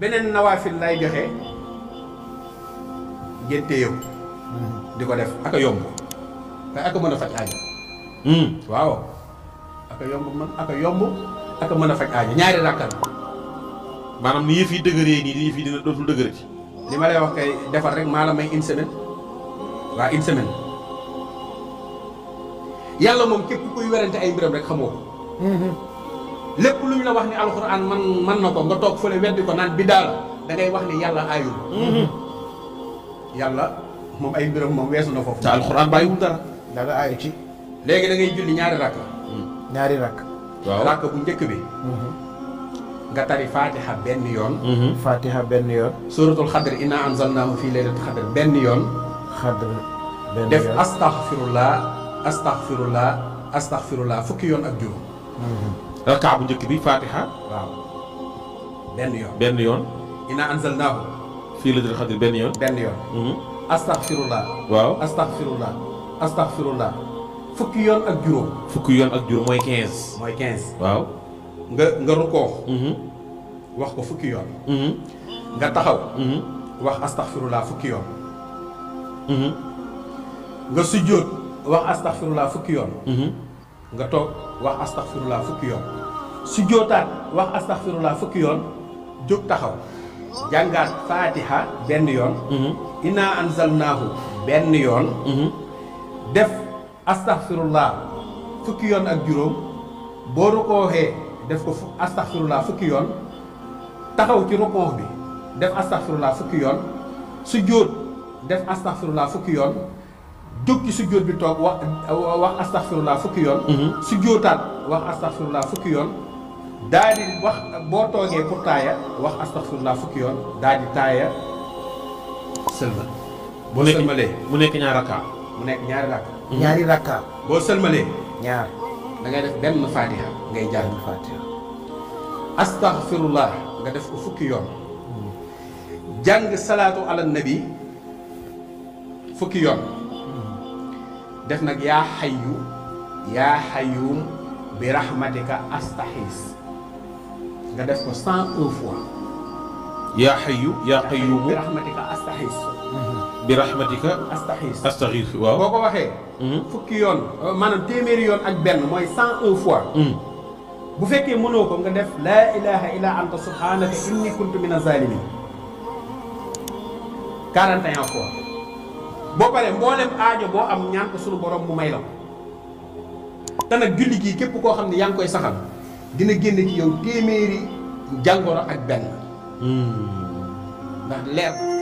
beneen nawaafil lay joxe ngénte yow di ko def aka yomb te aka mën a faj aajo hmm. waaw aka yomb man aka yomb aka mën a faj aajo ñaari rakkal maanaam ni yëf yi dëgëree nii yëf yi dina dootul dëgërati li ma lay wax kay defar rek maa la may une semaine waa une yàlla moom képp kuy werante ay mbiram rek xamoo ko hmm, hmm. lépp lu ñu la wax ni alxuraan man man na ko nga toog fële weddi ko naan bi daal dangay ngay wax ni yàlla aayul mhm. yàlla moom ay mbiram moom weesu na foofu te alxuraan bàyyiwul dara dara aayu ci léegi da ngay julli ñaari rakk hmm. ñaari rakk waaw bu njëkk bi mhm. nga tari fatiha benn yoon mhm. fatiha benn yoon suratul xadr inna anzalnaahu fii laylatul xadr benn yoon xadr benn yoon def astaxfirullah astaxfirullah astaxfirullah fukki yoon ak juróom rakka euh, bu njëkk bi fatiha waaw benn yoon benn yoon ina anzalnaahu fii la dul xadir benn yoon benn yoon mhm. astaghfirullah waaw astaghfirullah astaghfirullah fukki yoon ak juróom fukki yoon ak juróom mooy quinze mooy quinze waaw nga nga rukkoo mhm. wax ko fukki yoon mhm. nga taxaw wax astaghfirullah fukki yoon nga sujjóot wax astaghfirullah fukki yoon nga toog wax astaxfirullah fukki yoon su jootaat wax astaxfirullah fukki yoon jóg taxaw jàngaat faatiha benn yoon mhm. inna anzalnaahu benn yoon mhm. def astaxfirullah fukki yoon ak juróom boo rukooxee def ko astaxfirullah fukki yoon taxaw ci rukoox bi def astaxfirullah fukki yoon su jóot def astaxfirullah fukki yoon jóg ci sujjóot bi toog wax wax astaxfirullah fukki yoon. Mhm. sujjóotaat wax astaxfirullah fukki yoon. daal di wax boo toogee pour taaya wax astaxfirullah fukki yoon daal di mu nekk mu nekk ñaari rakka. Mhm. ñaari rakka. boo sëlmalee. ñaar def benn faatiha ngay jàng faatiha. astaxfirullah nga def ko fukki yoon. Mhm. jàng salaatu ala nabi fukki yoon. def nag yaa xayu yaa xayuum bi rahmatika astaxiis nga def ko cent un fois. yaa xayu yaa xayuum bi rahmatika astaxiis. Mhm. bi rahmatika. astaxiis astaxiis waaw. boo ko waxee. Mhm. fukki yoon maanaam téeméeri yoon ak benn mooy cent un fois. Mhm. bu fekkee mënoo ko nga def laa ilaha illa anta subhanaka inni kuntu mina zalimin 41 fois. boo paree mboolem aajo boo am ñaan ko sunu borom mu may la te nag julli gii képp koo xam ne yaa ngi koy saxal dina génn ci yow téeméeri jàngoro ak benn hmm. ndax leer